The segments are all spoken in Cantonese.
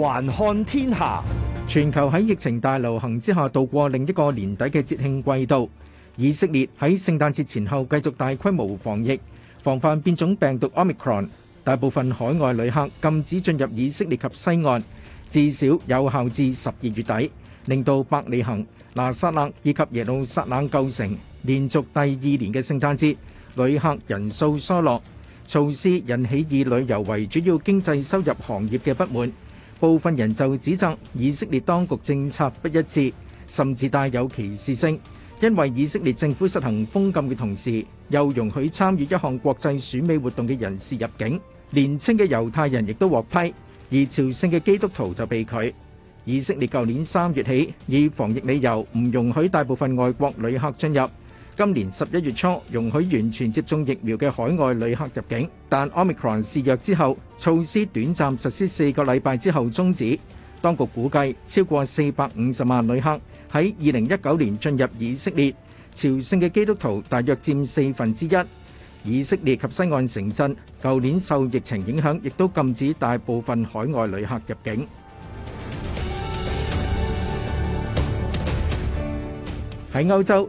環看天下，全球喺疫情大流行之下，渡過另一個年底嘅節慶季度。以色列喺聖誕節前後繼續大規模防疫，防範變種病毒 omicron。大部分海外旅客禁止進入以色列及西岸，至少有效至十二月底，令到伯利恆、拿撒勒以及耶路撒冷舊城連續第二年嘅聖誕節旅客人數疏落，措施引起以旅遊為主要經濟收入行業嘅不滿。部分人就指責以色列當局政策不一致,甚至帶有歧視性。因為以色列政府實行封禁嘅同時,又容許參與一項國際選美活動的人士入境。年輕的猶太人亦都獲批,而朝聖嘅基督徒就被拒。以色列舊年三月起,以防疫理由唔容許大部分外國旅客進入。今年十一月初容許完全接種疫苗嘅海外旅客入境，但 Omicron 肆虐之後，措施短暫實施四個禮拜之後終止。當局估計超過四百五十萬旅客喺二零一九年進入以色列，朝聖嘅基督徒大約佔四分之一。以色列及西岸城鎮舊年受疫情影響，亦都禁止大部分海外旅客入境。喺歐洲。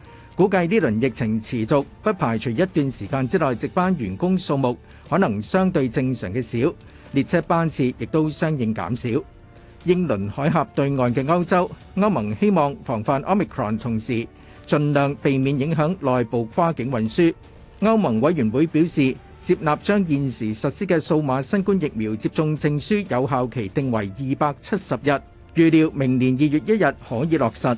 估計呢輪疫情持續，不排除一段時間之內，值班員工數目可能相對正常嘅少，列車班次亦都相應減少。英倫海峽對岸嘅歐洲，歐盟希望防範 Omicron，同時盡量避免影響內部跨境運輸。歐盟委員會表示，接納將現時實施嘅數碼新冠疫苗接種證書有效期定為二百七十日，預料明年二月一日可以落實。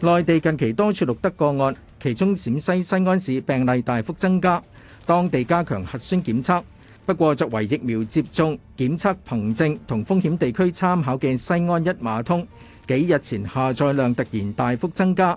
內地近期多處錄得個案，其中陝西西安市病例大幅增加，當地加強核酸檢測。不過，作為疫苗接種、檢測憑證同風險地區參考嘅西安一碼通，幾日前下載量突然大幅增加。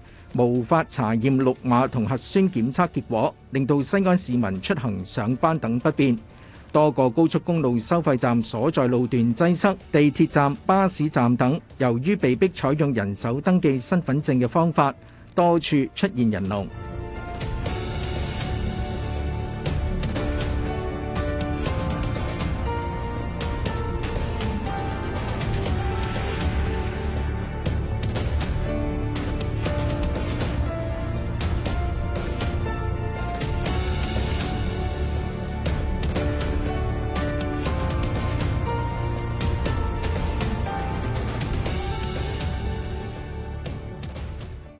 無法查驗綠碼同核酸檢測結果，令到西安市民出行、上班等不便。多個高速公路收費站所在路段擠塞，地鐵站、巴士站等由於被迫採用人手登記身份證嘅方法，多處出現人龍。